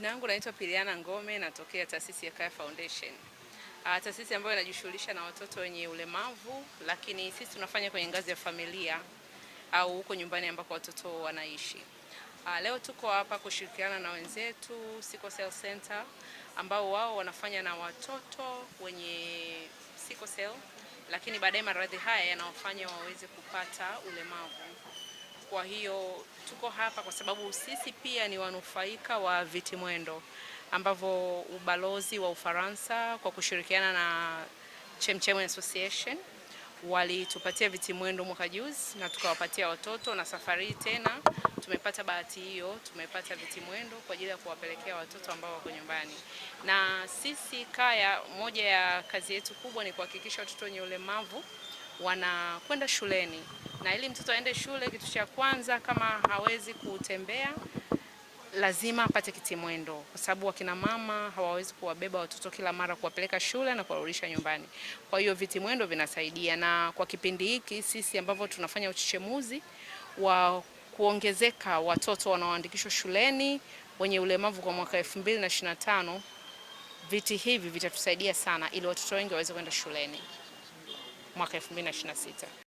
Jina langu naitwa Piliana Ngome, natokea taasisi ya Kaya Foundation, ah, taasisi ambayo inajishughulisha na watoto wenye ulemavu, lakini sisi tunafanya kwenye ngazi ya familia au huko nyumbani ambako watoto wanaishi. Ah, leo tuko hapa kushirikiana na wenzetu Sickle Cell Center ambao wao wanafanya na watoto wenye sickle cell, lakini baadaye maradhi haya yanawafanya waweze kupata ulemavu. Kwa hiyo tuko hapa kwa sababu sisi pia ni wanufaika wa viti mwendo ambavyo ubalozi wa Ufaransa kwa kushirikiana na Chemchem Association walitupatia mwendo mwaka juzi na tukawapatia watoto, na safari hii tena tumepata bahati hiyo, tumepata viti mwendo kwa ajili ya kuwapelekea watoto ambao wako nyumbani. Na sisi Kaya, moja ya kazi yetu kubwa ni kuhakikisha watoto wenye ulemavu wanakwenda shuleni, na ili mtoto aende shule, kitu cha kwanza kama hawezi kutembea lazima apate kitimwendo, kwa sababu wakina mama hawawezi kuwabeba watoto kila mara kuwapeleka shule na kuwarudisha nyumbani. Kwa hiyo vitimwendo vinasaidia, na kwa kipindi hiki sisi ambavyo tunafanya uchechemuzi wa kuongezeka watoto wanaoandikishwa shuleni wenye ulemavu kwa mwaka 2025 viti hivi vitatusaidia sana, ili watoto wengi waweze kwenda shuleni mwaka 2026.